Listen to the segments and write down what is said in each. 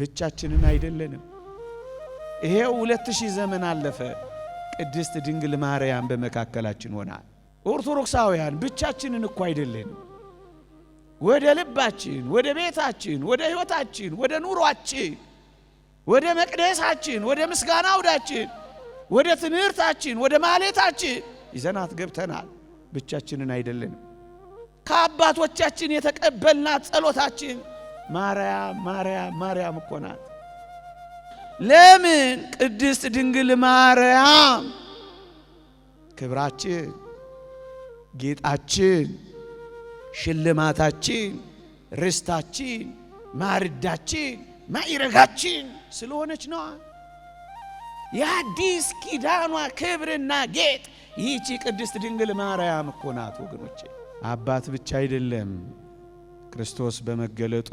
ብቻችንን አይደለንም። ይሄው ሁለት ሺህ ዘመን አለፈ። ቅድስት ድንግል ማርያም በመካከላችን ሆና ኦርቶዶክሳውያን ብቻችንን እኮ አይደለንም። ወደ ልባችን፣ ወደ ቤታችን፣ ወደ ሕይወታችን፣ ወደ ኑሯችን፣ ወደ መቅደሳችን፣ ወደ ምስጋና ውዳችን፣ ወደ ትምህርታችን፣ ወደ ማሌታችን ይዘናት ገብተናል። ብቻችንን አይደለንም። ከአባቶቻችን የተቀበልናት ጸሎታችን ማርያም ማርያም ማርያም እኮ ናት። ለምን ቅድስት ድንግል ማርያም ክብራችን፣ ጌጣችን፣ ሽልማታችን፣ ርስታችን፣ ማርዳችን፣ ማይረጋችን ስለሆነች ነዋ። የአዲስ ኪዳኗ ክብርና ጌጥ ይህቺ ቅድስት ድንግል ማርያም እኮ ናት ወገኖቼ። አባት ብቻ አይደለም ክርስቶስ በመገለጡ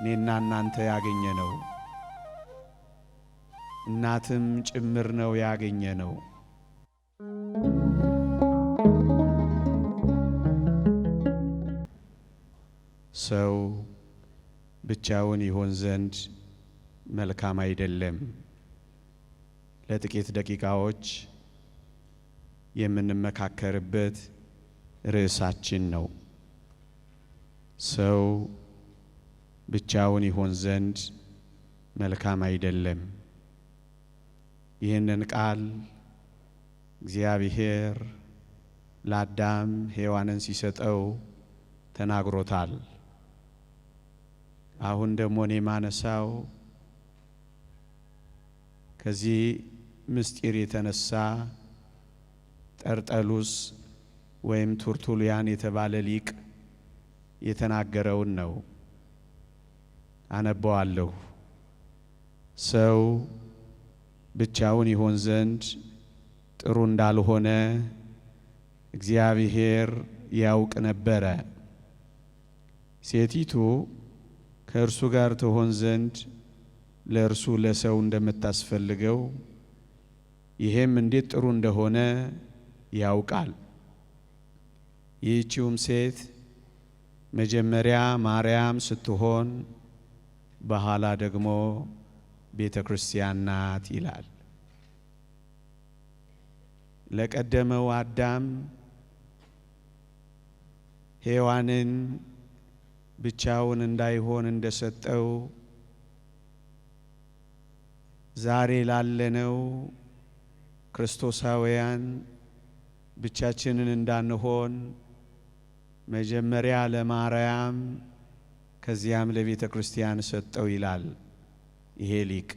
እኔና እናንተ ያገኘ ነው። እናትም ጭምር ነው ያገኘ ነው። ሰው ብቻውን ይሆን ዘንድ መልካም አይደለም። ለጥቂት ደቂቃዎች የምንመካከርበት ርዕሳችን ነው። ሰው ብቻውን ይሆን ዘንድ መልካም አይደለም። ይህንን ቃል እግዚአብሔር ለአዳም ሔዋንን ሲሰጠው ተናግሮታል። አሁን ደግሞ እኔ ማነሳው ከዚህ ምስጢር የተነሳ ጠርጠሉስ ወይም ቱርቱሊያን የተባለ ሊቅ የተናገረውን ነው። አነበዋለሁ። ሰው ብቻውን ይሆን ዘንድ ጥሩ እንዳልሆነ እግዚአብሔር ያውቅ ነበረ። ሴቲቱ ከእርሱ ጋር ትሆን ዘንድ ለእርሱ ለሰው እንደምታስፈልገው ይሄም እንዴት ጥሩ እንደሆነ ያውቃል። ይህቺውም ሴት መጀመሪያ ማርያም ስትሆን በኋላ ደግሞ ቤተ ክርስቲያን ናት ይላል። ለቀደመው አዳም ሔዋንን ብቻውን እንዳይሆን እንደሰጠው ዛሬ ላለነው ክርስቶሳውያን ብቻችንን እንዳንሆን መጀመሪያ ለማርያም ከዚያም ለቤተ ክርስቲያን ሰጠው ይላል ይሄ ሊቅ።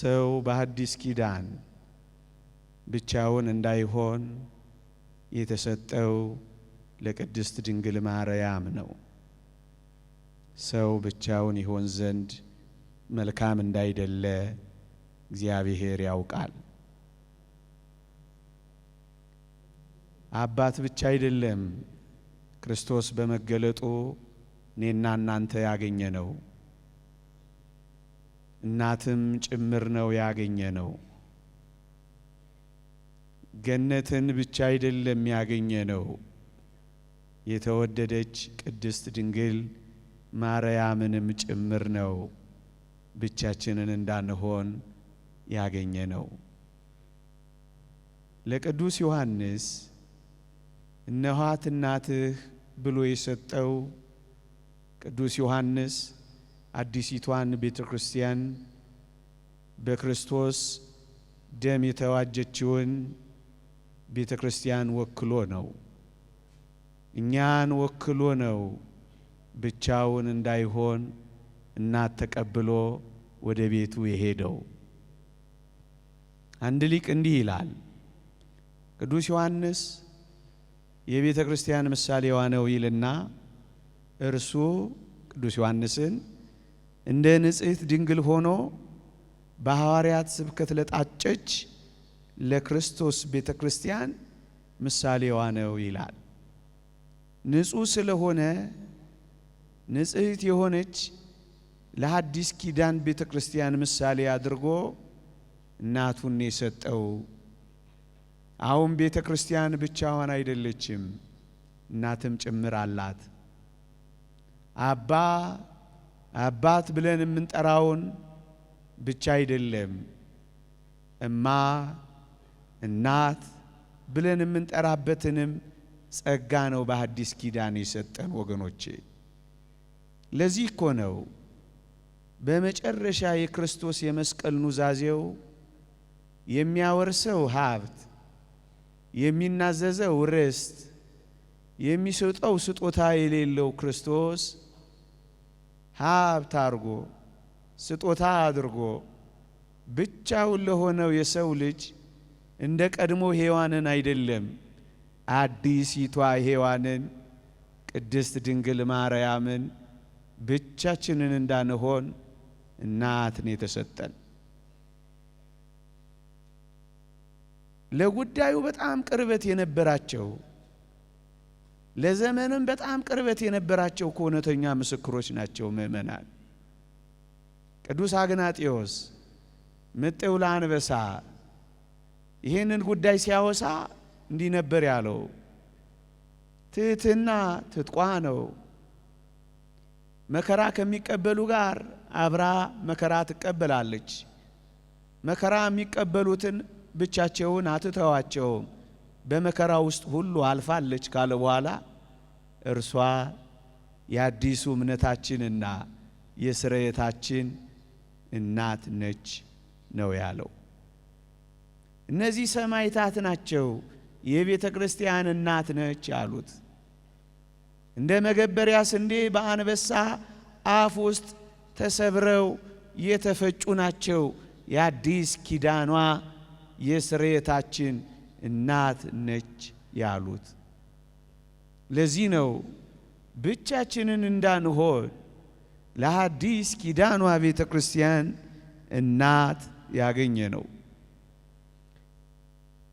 ሰው በአዲስ ኪዳን ብቻውን እንዳይሆን የተሰጠው ለቅድስት ድንግል ማርያም ነው። ሰው ብቻውን ይሆን ዘንድ መልካም እንዳይደለ እግዚአብሔር ያውቃል። አባት ብቻ አይደለም ክርስቶስ በመገለጡ እኔና እናንተ ያገኘ ነው። እናትም ጭምር ነው ያገኘ ነው። ገነትን ብቻ አይደለም ያገኘ ነው። የተወደደች ቅድስት ድንግል ማርያምንም ጭምር ነው። ብቻችንን እንዳንሆን ያገኘ ነው። ለቅዱስ ዮሐንስ እነኋት እናትህ ብሎ የሰጠው ቅዱስ ዮሐንስ አዲሲቷን ቤተ ክርስቲያን በክርስቶስ ደም የተዋጀችውን ቤተ ክርስቲያን ወክሎ ነው። እኛን ወክሎ ነው። ብቻውን እንዳይሆን እናት ተቀብሎ ወደ ቤቱ የሄደው። አንድ ሊቅ እንዲህ ይላል ቅዱስ ዮሐንስ የቤተ ክርስቲያን ምሳሌዋ ነው ይልና እርሱ ቅዱስ ዮሐንስን እንደ ንጽሕት ድንግል ሆኖ በሐዋርያት ስብከት ለጣጨች ለክርስቶስ ቤተ ክርስቲያን ምሳሌዋ ነው ይላል። ንጹሕ ስለሆነ ንጽሕት የሆነች ለሐዲስ ኪዳን ቤተ ክርስቲያን ምሳሌ አድርጎ እናቱን የሰጠው አሁን ቤተ ክርስቲያን ብቻዋን አይደለችም፣ እናትም ጭምር አላት። አባ አባት ብለን የምንጠራውን ብቻ አይደለም፣ እማ እናት ብለን የምንጠራበትንም ጸጋ ነው በሐዲስ ኪዳን የሰጠን ወገኖቼ። ለዚህ እኮ ነው በመጨረሻ የክርስቶስ የመስቀል ኑዛዜው የሚያወርሰው ሀብት የሚናዘዘው ርስት የሚሰጠው ስጦታ የሌለው ክርስቶስ ሀብት አድርጎ ስጦታ አድርጎ ብቻውን ለሆነው የሰው ልጅ እንደ ቀድሞ ሔዋንን አይደለም አዲሲቷ ሔዋንን ቅድስት ድንግል ማርያምን ብቻችንን እንዳንሆን እናትን የተሰጠን ለጉዳዩ በጣም ቅርበት የነበራቸው ለዘመንም በጣም ቅርበት የነበራቸው ከእውነተኛ ምስክሮች ናቸው። ምእመናን ቅዱስ አግናጢዮስ ምጥው ለአንበሳ ይህንን ጉዳይ ሲያወሳ እንዲህ ነበር ያለው። ትህትና ትጥቋ ነው። መከራ ከሚቀበሉ ጋር አብራ መከራ ትቀበላለች። መከራ የሚቀበሉትን ብቻቸውን አትተዋቸውም፣ በመከራ ውስጥ ሁሉ አልፋለች ካለ በኋላ እርሷ የአዲሱ እምነታችንና የስርየታችን እናት ነች ነው ያለው። እነዚህ ሰማይታት ናቸው፣ የቤተ ክርስቲያን እናት ነች ያሉት። እንደ መገበሪያ ስንዴ በአንበሳ አፍ ውስጥ ተሰብረው የተፈጩ ናቸው የአዲስ ኪዳኗ የስርየታችን እናት ነች ያሉት። ለዚህ ነው ብቻችንን እንዳንሆን ለሐዲስ ኪዳኗ ቤተ ክርስቲያን እናት ያገኘ ነው።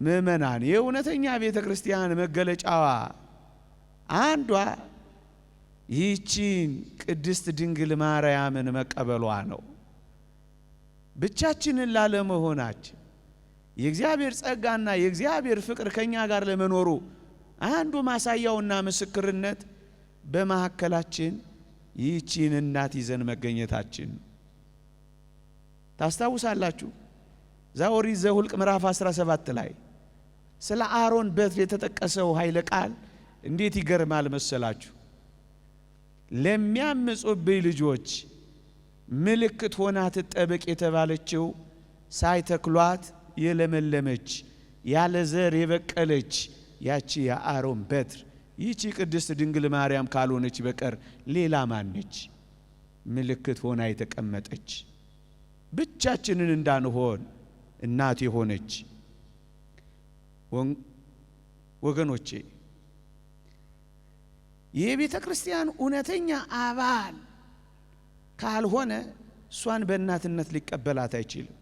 ምእመናን የእውነተኛ ቤተ ክርስቲያን መገለጫዋ አንዷ ይህቺን ቅድስት ድንግል ማርያምን መቀበሏ ነው። ብቻችንን ላለመሆናችን የእግዚአብሔር ጸጋና የእግዚአብሔር ፍቅር ከእኛ ጋር ለመኖሩ አንዱ ማሳያውና ምስክርነት በመካከላችን ይህቺን እናት ይዘን መገኘታችን ታስታውሳላችሁ። ዛውሪ ዘሁልቅ ምዕራፍ 17 ላይ ስለ አሮን በትር የተጠቀሰው ኃይለ ቃል እንዴት ይገርማል መሰላችሁ! ለሚያምፁብኝ ልጆች ምልክት ሆና ትጠበቅ የተባለችው ሳይተክሏት የለመለመች ያለ ዘር የበቀለች ያቺ የአሮን በትር ይቺ ቅድስት ድንግል ማርያም ካልሆነች በቀር ሌላ ማነች? ምልክት ሆና የተቀመጠች ብቻችንን እንዳንሆን እናት የሆነች ወገኖቼ የቤተ ክርስቲያን እውነተኛ አባል ካልሆነ እሷን በእናትነት ሊቀበላት አይችልም።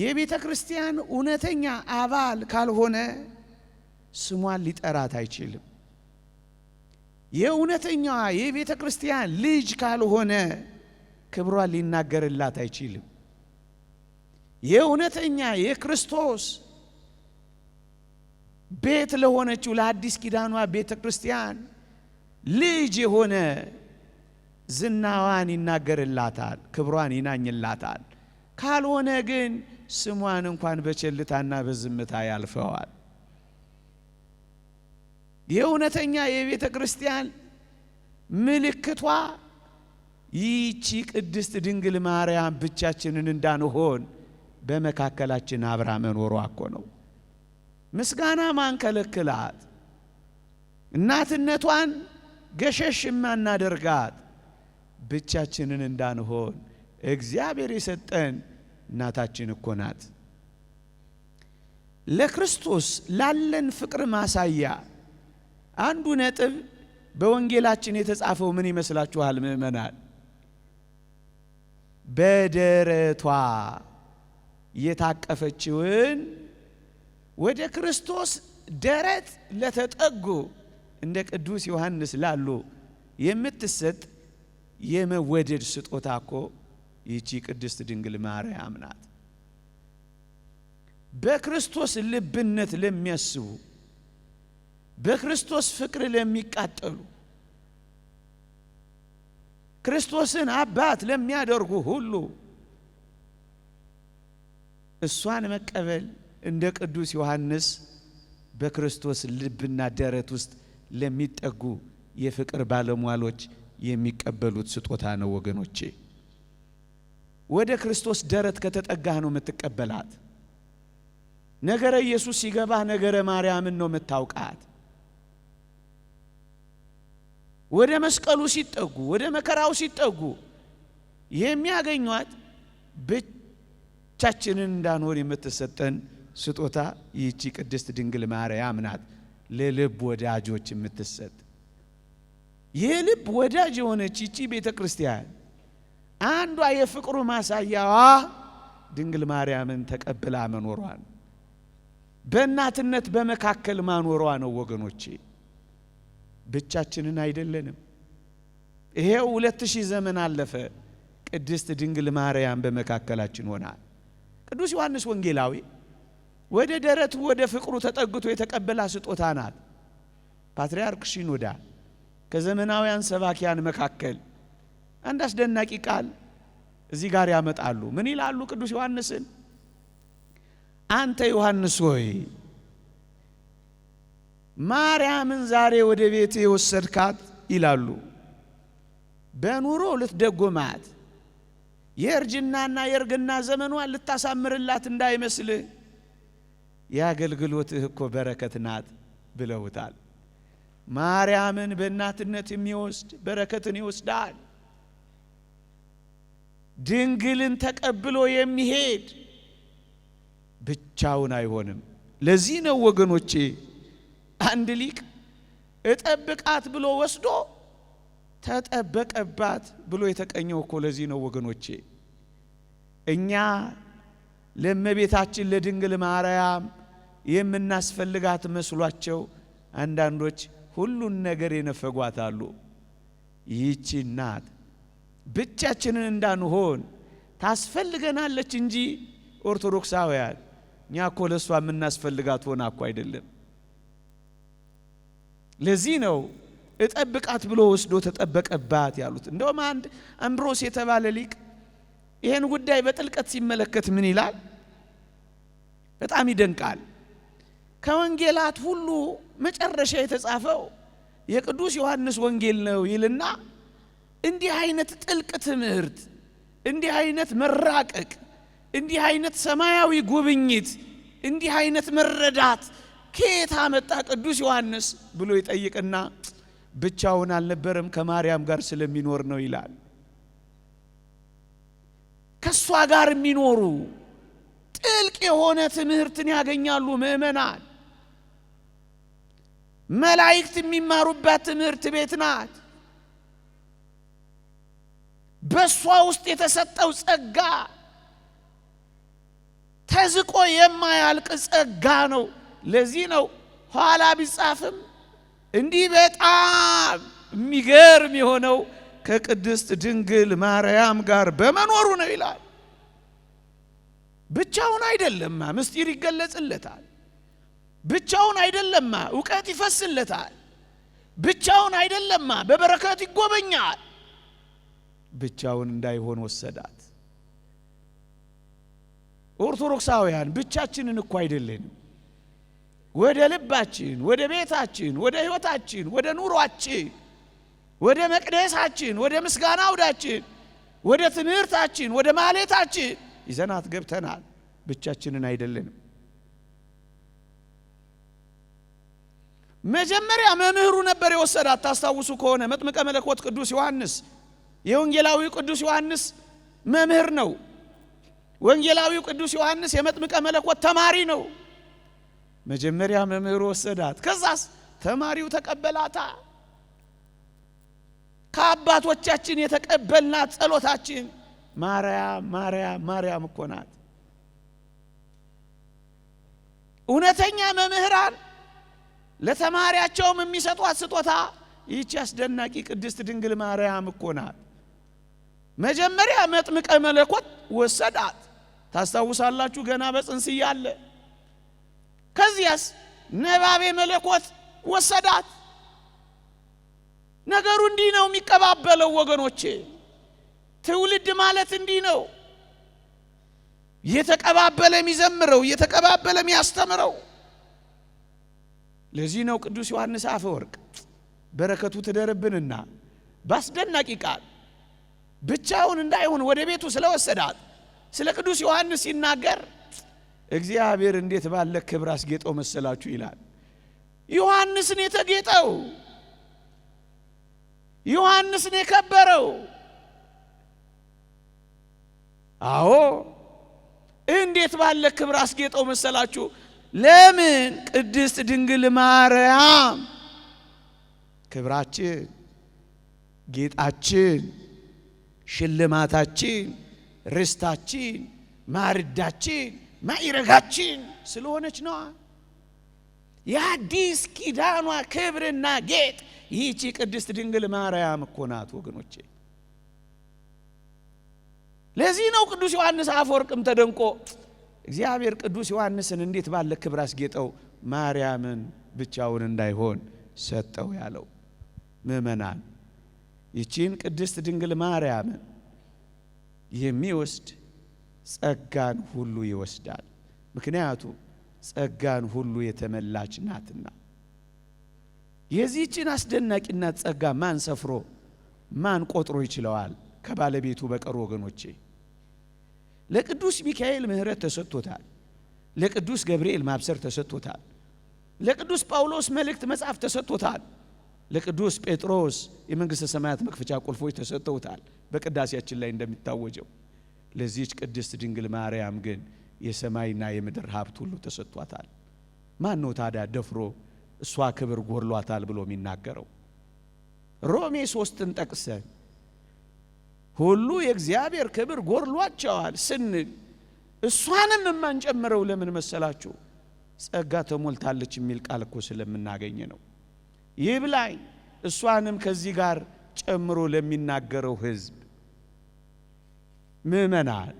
የቤተ ክርስቲያን እውነተኛ አባል ካልሆነ ስሟን ሊጠራት አይችልም። የእውነተኛዋ የቤተ ክርስቲያን ልጅ ካልሆነ ክብሯን ሊናገርላት አይችልም። የእውነተኛ የክርስቶስ ቤት ለሆነችው ለአዲስ ኪዳኗ ቤተ ክርስቲያን ልጅ የሆነ ዝናዋን ይናገርላታል፣ ክብሯን ይናኝላታል። ካልሆነ ግን ስሟን እንኳን በቸልታና በዝምታ ያልፈዋል። የእውነተኛ የቤተ ክርስቲያን ምልክቷ ይቺ ቅድስት ድንግል ማርያም ብቻችንን እንዳንሆን በመካከላችን አብራ መኖሯ እኮ ነው። ምስጋና ማንከለክላት፣ እናትነቷን ገሸሽ የማናደርጋት ብቻችንን እንዳንሆን እግዚአብሔር የሰጠን እናታችን እኮ ናት። ለክርስቶስ ላለን ፍቅር ማሳያ አንዱ ነጥብ በወንጌላችን የተጻፈው ምን ይመስላችኋል ምእመናን? በደረቷ የታቀፈችውን ወደ ክርስቶስ ደረት ለተጠጉ እንደ ቅዱስ ዮሐንስ ላሉ የምትሰጥ የመወደድ ስጦታ እኮ ይቺ ቅድስት ድንግል ማርያም ናት። በክርስቶስ ልብነት ለሚያስቡ በክርስቶስ ፍቅር ለሚቃጠሉ ክርስቶስን አባት ለሚያደርጉ ሁሉ እሷን መቀበል እንደ ቅዱስ ዮሐንስ በክርስቶስ ልብና ደረት ውስጥ ለሚጠጉ የፍቅር ባለሟሎች የሚቀበሉት ስጦታ ነው ወገኖቼ። ወደ ክርስቶስ ደረት ከተጠጋህ ነው የምትቀበላት። ነገረ ኢየሱስ ሲገባህ ነገረ ማርያምን ነው የምታውቃት። ወደ መስቀሉ ሲጠጉ፣ ወደ መከራው ሲጠጉ የሚያገኟት ብቻችንን እንዳንሆን የምትሰጠን ስጦታ ይቺ ቅድስት ድንግል ማርያም ናት። ለልብ ወዳጆች የምትሰጥ የልብ ወዳጅ የሆነች ይቺ ቤተ ክርስቲያን አንዷ የፍቅሩ ማሳያዋ ድንግል ማርያምን ተቀብላ መኖሯ በእናትነት በመካከል ማኖሯ ነው። ወገኖቼ ብቻችንን አይደለንም። ይሄው ሁለት ሺህ ዘመን አለፈ። ቅድስት ድንግል ማርያም በመካከላችን ሆና ቅዱስ ዮሐንስ ወንጌላዊ ወደ ደረቱ ወደ ፍቅሩ ተጠግቶ የተቀበላ ስጦታ ናት። ፓትርያርክ ሲኖዳ ከዘመናውያን ሰባኪያን መካከል አንድ አስደናቂ ቃል እዚህ ጋር ያመጣሉ። ምን ይላሉ? ቅዱስ ዮሐንስን አንተ ዮሐንስ ሆይ ማርያምን ዛሬ ወደ ቤት የወሰድካት ይላሉ። በኑሮ ልትደጎማት የእርጅናና የእርግና ዘመኗን ልታሳምርላት እንዳይመስልህ የአገልግሎትህ እኮ በረከት ናት ብለውታል። ማርያምን በእናትነት የሚወስድ በረከትን ይወስዳል። ድንግልን ተቀብሎ የሚሄድ ብቻውን አይሆንም። ለዚህ ነው ወገኖቼ አንድ ሊቅ እጠብቃት ብሎ ወስዶ ተጠበቀባት ብሎ የተቀኘው እኮ ለዚህ ነው ወገኖቼ። እኛ ለእመቤታችን ለድንግል ማርያም የምናስፈልጋት መስሏቸው አንዳንዶች ሁሉን ነገር የነፈጓታሉ። ይህቺ ናት ብቻችንን እንዳንሆን ታስፈልገናለች እንጂ ኦርቶዶክሳውያን እኛ እኮ ለእሷ የምናስፈልጋት ሆና እኮ አይደለም። ለዚህ ነው እጠብቃት ብሎ ወስዶ ተጠበቀባት ያሉት። እንደውም አንድ አምብሮስ የተባለ ሊቅ ይህን ጉዳይ በጥልቀት ሲመለከት ምን ይላል? በጣም ይደንቃል። ከወንጌላት ሁሉ መጨረሻ የተጻፈው የቅዱስ ዮሐንስ ወንጌል ነው ይልና እንዲህ አይነት ጥልቅ ትምህርት፣ እንዲህ አይነት መራቀቅ፣ እንዲህ አይነት ሰማያዊ ጉብኝት፣ እንዲህ አይነት መረዳት ከየት አመጣ ቅዱስ ዮሐንስ ብሎ ይጠይቅና ብቻውን አልነበረም ከማርያም ጋር ስለሚኖር ነው ይላል። ከእሷ ጋር የሚኖሩ ጥልቅ የሆነ ትምህርትን ያገኛሉ ምእመናን። መላእክት የሚማሩባት ትምህርት ቤት ናት። በእሷ ውስጥ የተሰጠው ጸጋ ተዝቆ የማያልቅ ጸጋ ነው። ለዚህ ነው ኋላ ቢጻፍም እንዲህ በጣም የሚገርም የሆነው ከቅድስት ድንግል ማርያም ጋር በመኖሩ ነው ይላል። ብቻውን አይደለማ፣ ምስጢር ይገለጽለታል። ብቻውን አይደለማ፣ እውቀት ይፈስለታል። ብቻውን አይደለማ፣ በበረከት ይጎበኛል። ብቻውን እንዳይሆን ወሰዳት። ኦርቶዶክሳውያን ብቻችንን እኮ አይደለንም። ወደ ልባችን፣ ወደ ቤታችን፣ ወደ ህይወታችን ወደ ኑሯችን፣ ወደ መቅደሳችን፣ ወደ ምስጋና አውዳችን፣ ወደ ትምህርታችን፣ ወደ ማሌታችን ይዘናት ገብተናል። ብቻችንን አይደለንም። መጀመሪያ መምህሩ ነበር የወሰዳት። ታስታውሱ ከሆነ መጥምቀ መለኮት ቅዱስ ዮሐንስ የወንጌላዊው ቅዱስ ዮሐንስ መምህር ነው። ወንጌላዊው ቅዱስ ዮሐንስ የመጥምቀ መለኮት ተማሪ ነው። መጀመሪያ መምህሩ ወሰዳት፣ ከዛስ ተማሪው ተቀበላታ። ከአባቶቻችን የተቀበልናት ጸሎታችን ማርያም ማርያም ማርያም እኮ ናት። እውነተኛ መምህራን ለተማሪያቸውም የሚሰጧት ስጦታ ይህች አስደናቂ ቅድስት ድንግል ማርያም እኮ ናት። መጀመሪያ መጥምቀ መለኮት ወሰዳት። ታስታውሳላችሁ? ገና በጽንስ እያለ ከዚያስ ነባቤ መለኮት ወሰዳት። ነገሩ እንዲህ ነው የሚቀባበለው ወገኖቼ። ትውልድ ማለት እንዲህ ነው፣ እየተቀባበለ የሚዘምረው፣ እየተቀባበለ የሚያስተምረው። ለዚህ ነው ቅዱስ ዮሐንስ አፈወርቅ በረከቱ ትደርብንና በአስደናቂ ቃል ብቻውን እንዳይሆን ወደ ቤቱ ስለወሰዳት ስለ ቅዱስ ዮሐንስ ሲናገር እግዚአብሔር እንዴት ባለ ክብር አስጌጠው መሰላችሁ ይላል። ዮሐንስን የተጌጠው ዮሐንስን የከበረው አዎ እንዴት ባለ ክብር አስጌጠው መሰላችሁ። ለምን ቅድስት ድንግል ማርያም ክብራችን ጌጣችን ሽልማታችን፣ ርስታችን፣ ማርዳችን፣ ማይረጋችን ስለሆነች ነዋ። የአዲስ ኪዳኗ ክብርና ጌጥ ይህቺ ቅድስት ድንግል ማርያም እኮ ናት ወገኖቼ። ለዚህ ነው ቅዱስ ዮሐንስ አፈወርቅም ተደንቆ እግዚአብሔር ቅዱስ ዮሐንስን እንዴት ባለ ክብር አስጌጠው ማርያምን ብቻውን እንዳይሆን ሰጠው ያለው ምእመናን ይቺን ቅድስት ድንግል ማርያምን የሚወስድ ጸጋን ሁሉ ይወስዳል። ምክንያቱም ጸጋን ሁሉ የተመላች ናትና። የዚህችን አስደናቂናት ጸጋ ማን ሰፍሮ ማን ቆጥሮ ይችለዋል? ከባለቤቱ በቀር ወገኖቼ፣ ለቅዱስ ሚካኤል ምሕረት ተሰጥቶታል። ለቅዱስ ገብርኤል ማብሰር ተሰጥቶታል። ለቅዱስ ጳውሎስ መልእክት መጽሐፍ ተሰጥቶታል። ለቅዱስ ጴጥሮስ የመንግሥተ ሰማያት መክፈቻ ቁልፎች ተሰጥተውታል በቅዳሴያችን ላይ እንደሚታወጀው። ለዚች ቅድስት ድንግል ማርያም ግን የሰማይና የምድር ሀብት ሁሉ ተሰጥቷታል። ማን ነው ታዲያ ደፍሮ እሷ ክብር ጎድሏታል ብሎ የሚናገረው? ሮሜ ሶስትን ጠቅሰን ሁሉ የእግዚአብሔር ክብር ጎድሏቸዋል ስንል እሷንም የማንጨምረው ለምን መሰላችሁ? ጸጋ ተሞልታለች የሚል ቃል እኮ ስለምናገኝ ነው። ይብላኝ እሷንም ከዚህ ጋር ጨምሮ ለሚናገረው ህዝብ ምእመናን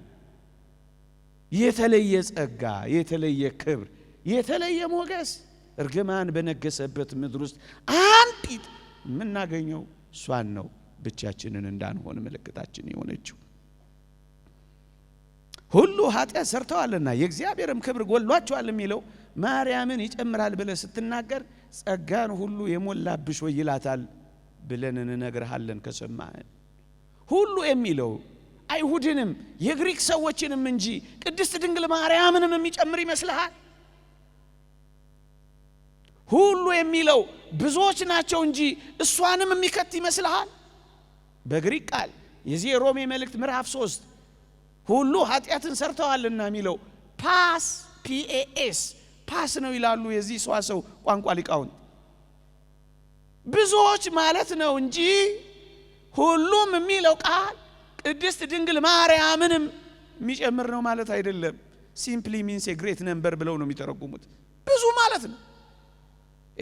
የተለየ ጸጋ፣ የተለየ ክብር፣ የተለየ ሞገስ እርግማን በነገሰበት ምድር ውስጥ አንዲት የምናገኘው እሷን ነው። ብቻችንን እንዳንሆን ምልክታችን የሆነችው ሁሉ ኃጢአት ሰርተዋልና የእግዚአብሔርም ክብር ጎሏቸዋል የሚለው ማርያምን ይጨምራል ብለ ስትናገር ጸጋን ሁሉ የሞላብሽ ወይ ይላታል ብለን እንነግርሃለን ከሰማህን ሁሉ የሚለው አይሁድንም የግሪክ ሰዎችንም እንጂ ቅድስት ድንግል ማርያምንም የሚጨምር ይመስልሃል? ሁሉ የሚለው ብዙዎች ናቸው እንጂ እሷንም የሚከት ይመስልሃል? በግሪክ ቃል የዚህ የሮሜ መልእክት ምዕራፍ ሶስት ሁሉ ኃጢአትን ሰርተዋልና የሚለው ፓስ ፒኤኤስ ፓስ ነው ይላሉ የዚህ ሰዋ ሰው ቋንቋ ሊቃውንት። ብዙዎች ማለት ነው እንጂ ሁሉም የሚለው ቃል ቅድስት ድንግል ማርያምንም የሚጨምር ነው ማለት አይደለም። ሲምፕሊ ሚንስ የግሬት ነንበር ብለው ነው የሚተረጉሙት፣ ብዙ ማለት ነው።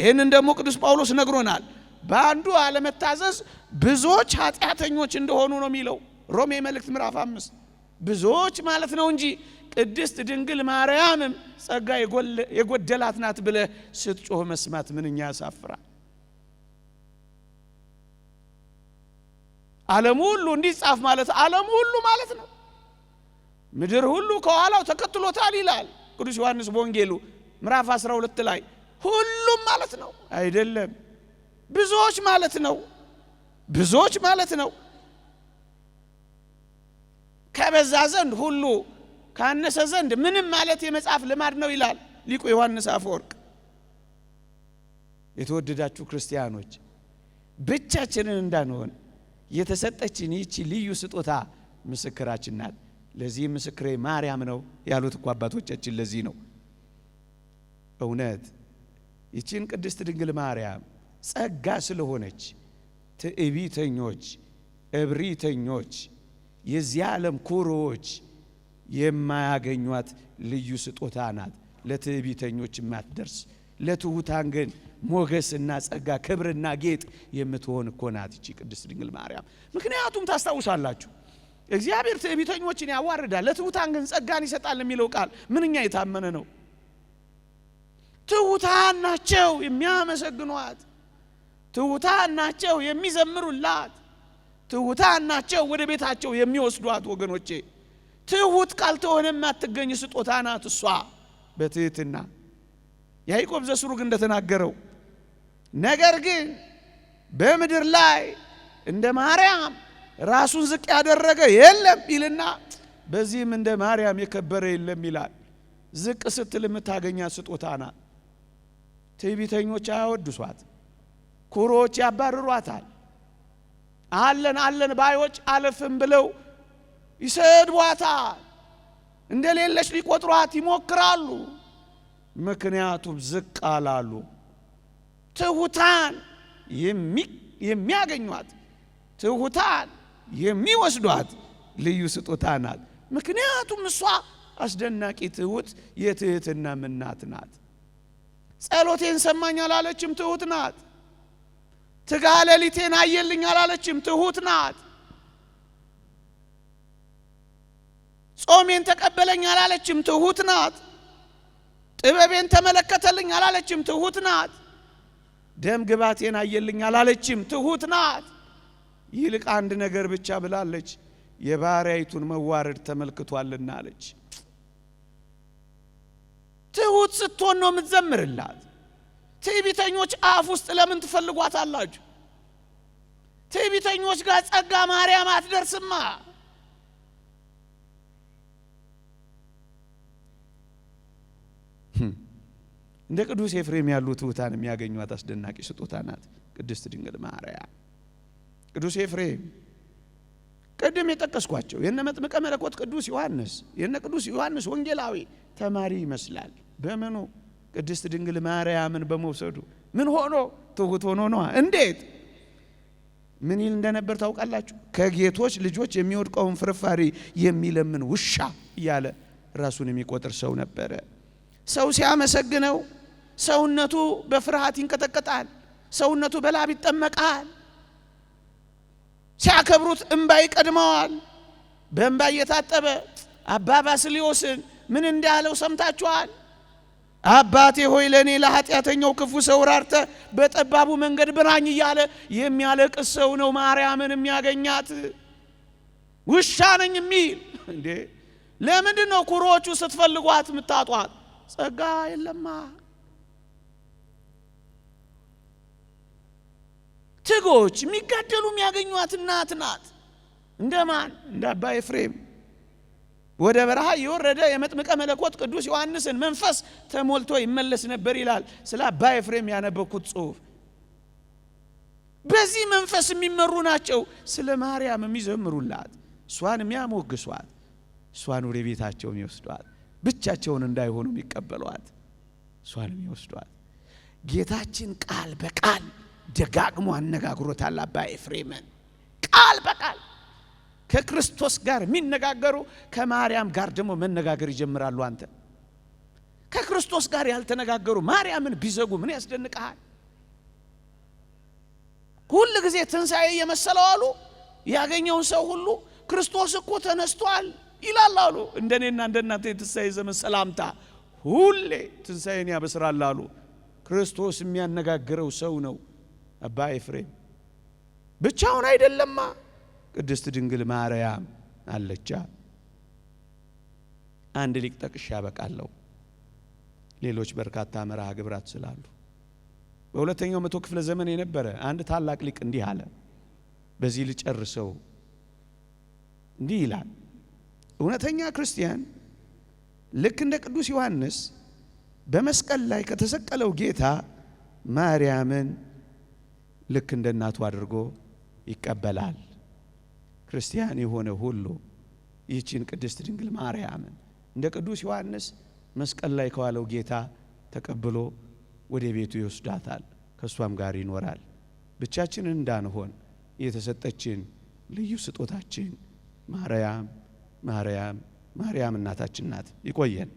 ይህንን ደግሞ ቅዱስ ጳውሎስ ነግሮናል። በአንዱ አለመታዘዝ ብዙዎች ኃጢአተኞች እንደሆኑ ነው የሚለው ሮሜ መልእክት ምዕራፍ አምስት ብዙዎች ማለት ነው እንጂ ቅድስት ድንግል ማርያምም ጸጋ የጎደላት ናት ብለ ስትጮህ መስማት ምንኛ ያሳፍራል። ዓለም ሁሉ እንዲጻፍ ማለት ዓለም ሁሉ ማለት ነው። ምድር ሁሉ ከኋላው ተከትሎታል ይላል ቅዱስ ዮሐንስ በወንጌሉ ምዕራፍ 12 ላይ ሁሉም ማለት ነው አይደለም፣ ብዙዎች ማለት ነው። ብዙዎች ማለት ነው። ከበዛ ዘንድ ሁሉ ካነሰ ዘንድ ምንም ማለት የመጽሐፍ ልማድ ነው ይላል ሊቁ ዮሐንስ አፈወርቅ። የተወደዳችሁ ክርስቲያኖች ብቻችንን እንዳንሆን የተሰጠችን ይቺ ልዩ ስጦታ ምስክራችን ናት። ለዚህ ምስክሬ ማርያም ነው ያሉት እኮ አባቶቻችን ለዚህ ነው። እውነት ይቺን ቅድስት ድንግል ማርያም ጸጋ ስለሆነች ትዕቢተኞች፣ እብሪተኞች የዚህ ዓለም ኩሮዎች የማያገኟት ልዩ ስጦታ ናት። ለትዕቢተኞች የማትደርስ ለትሑታን ግን ሞገስና ጸጋ ክብርና ጌጥ የምትሆን እኮ ናት ይቺ ቅድስት ድንግል ማርያም። ምክንያቱም ታስታውሳላችሁ እግዚአብሔር ትዕቢተኞችን ያዋርዳል፣ ለትሑታን ግን ጸጋን ይሰጣል የሚለው ቃል ምንኛ የታመነ ነው። ትሑታን ናቸው የሚያመሰግኗት፣ ትሑታን ናቸው የሚዘምሩላት ትሁታን ናቸው ወደ ቤታቸው የሚወስዷት። ወገኖቼ ትሁት ካልተሆነ የማትገኝ ስጦታ ናት እሷ በትህትና ያዕቆብ ዘስሩግ እንደተናገረው ነገር ግን በምድር ላይ እንደ ማርያም ራሱን ዝቅ ያደረገ የለም ይልና በዚህም እንደ ማርያም የከበረ የለም ይላል። ዝቅ ስትል የምታገኛት ስጦታ ናት። ትቢተኞች አያወድሷት፣ ኩሮዎች ያባርሯታል። አለን አለን ባዮች አለፍም ብለው ይሰድቧታል። እንደሌለች ሊቆጥሯት ይሞክራሉ። ምክንያቱም ዝቅ አላሉ። ትሁታን የሚያገኟት ትሁታን የሚወስዷት ልዩ ስጦታ ናት። ምክንያቱም እሷ አስደናቂ ትሁት የትሕትና ምናት ናት። ጸሎቴን ሰማኝ አላለችም፣ ትሁት ናት። ትጋ ሌሊቴን አየልኝ አላለችም። ትሁት ናት። ጾሜን ተቀበለኝ አላለችም። ትሁት ናት። ጥበቤን ተመለከተልኝ አላለችም። ትሁት ናት። ደም ግባቴን አየልኝ አላለችም። ትሁት ናት። ይልቅ አንድ ነገር ብቻ ብላለች፣ የባሪያይቱን መዋረድ ተመልክቷልና አለች። ትሁት ስትሆን ነው የምትዘምርላት። ትዕቢተኞች አፍ ውስጥ ለምን ትፈልጓታላችሁ? ትዕቢተኞች ጋር ጸጋ ማርያም አትደርስማ። እንደ ቅዱስ ኤፍሬም ያሉ ትሑታን የሚያገኟት አስደናቂ ስጦታ ናት ቅድስት ድንግል ማርያም። ቅዱስ ኤፍሬም ቅድም የጠቀስኳቸው የነ መጥምቀ መለኮት ቅዱስ ዮሐንስ የነ ቅዱስ ዮሐንስ ወንጌላዊ ተማሪ ይመስላል በምኑ ቅድስት ድንግል ማርያምን በመውሰዱ ምን ሆኖ ትሁት ሆኖ ነዋ። እንዴት ምን ይል እንደነበር ታውቃላችሁ? ከጌቶች ልጆች የሚወድቀውን ፍርፋሪ የሚለምን ውሻ እያለ ራሱን የሚቆጥር ሰው ነበረ። ሰው ሲያመሰግነው ሰውነቱ በፍርሃት ይንቀጠቀጣል። ሰውነቱ በላብ ይጠመቃል። ሲያከብሩት እምባ ይቀድመዋል። በእምባ እየታጠበ አባ ባስልዮስን ምን እንዳለው ሰምታችኋል? አባቴ ሆይ ለእኔ ለኃጢአተኛው ክፉ ሰው ራርተ በጠባቡ መንገድ ብራኝ እያለ የሚያለቅስ ሰው ነው ማርያምን የሚያገኛት። ውሻ ነኝ የሚል እንዴ! ለምንድን ነው ኩሮቹ ስትፈልጓት የምታጧት? ጸጋ የለማ። ትጎች የሚጋደሉ የሚያገኟት እናት ናት። እንደማን? እንደ አባ ኤፍሬም ወደ በረሃ የወረደ የመጥምቀ መለኮት ቅዱስ ዮሐንስን መንፈስ ተሞልቶ ይመለስ ነበር ይላል ስለ አባ ኤፍሬም ያነበኩት ጽሁፍ በዚህ መንፈስ የሚመሩ ናቸው። ስለ ማርያም የሚዘምሩላት፣ እሷን የሚያሞግሷት፣ እሷን ወደ ቤታቸው የሚወስዷት፣ ብቻቸውን እንዳይሆኑ የሚቀበሏት፣ እሷን የሚወስዷት። ጌታችን ቃል በቃል ደጋግሞ አነጋግሮታል አባ ኤፍሬምን ቃል በቃል ከክርስቶስ ጋር የሚነጋገሩ ከማርያም ጋር ደግሞ መነጋገር ይጀምራሉ። አንተ ከክርስቶስ ጋር ያልተነጋገሩ ማርያምን ቢዘጉ ምን ያስደንቀሃል? ሁል ጊዜ ትንሣኤ እየመሰለው አሉ ያገኘውን ሰው ሁሉ ክርስቶስ እኮ ተነስቷል ይላል አሉ። እንደኔና እንደናንተ የትንሣኤ ዘመን ሰላምታ ሁሌ ትንሣኤን ያበስራል አሉ። ክርስቶስ የሚያነጋግረው ሰው ነው። አባ ኤፍሬም ብቻውን አይደለማ። ቅድስት ድንግል ማርያም አለቻ። አንድ ሊቅ ጠቅሼ ያበቃለሁ። ሌሎች በርካታ መርሃ ግብራት ስላሉ በሁለተኛው መቶ ክፍለ ዘመን የነበረ አንድ ታላቅ ሊቅ እንዲህ አለ። በዚህ ልጨርሰው። እንዲህ ይላል፣ እውነተኛ ክርስቲያን ልክ እንደ ቅዱስ ዮሐንስ በመስቀል ላይ ከተሰቀለው ጌታ ማርያምን ልክ እንደ እናቱ አድርጎ ይቀበላል። ክርስቲያን የሆነ ሁሉ ይህችን ቅድስት ድንግል ማርያምን እንደ ቅዱስ ዮሐንስ መስቀል ላይ ከዋለው ጌታ ተቀብሎ ወደ ቤቱ ይወስዳታል፣ ከእሷም ጋር ይኖራል። ብቻችንን እንዳንሆን የተሰጠችን ልዩ ስጦታችን ማርያም ማርያም ማርያም እናታችን ናት። ይቆየን።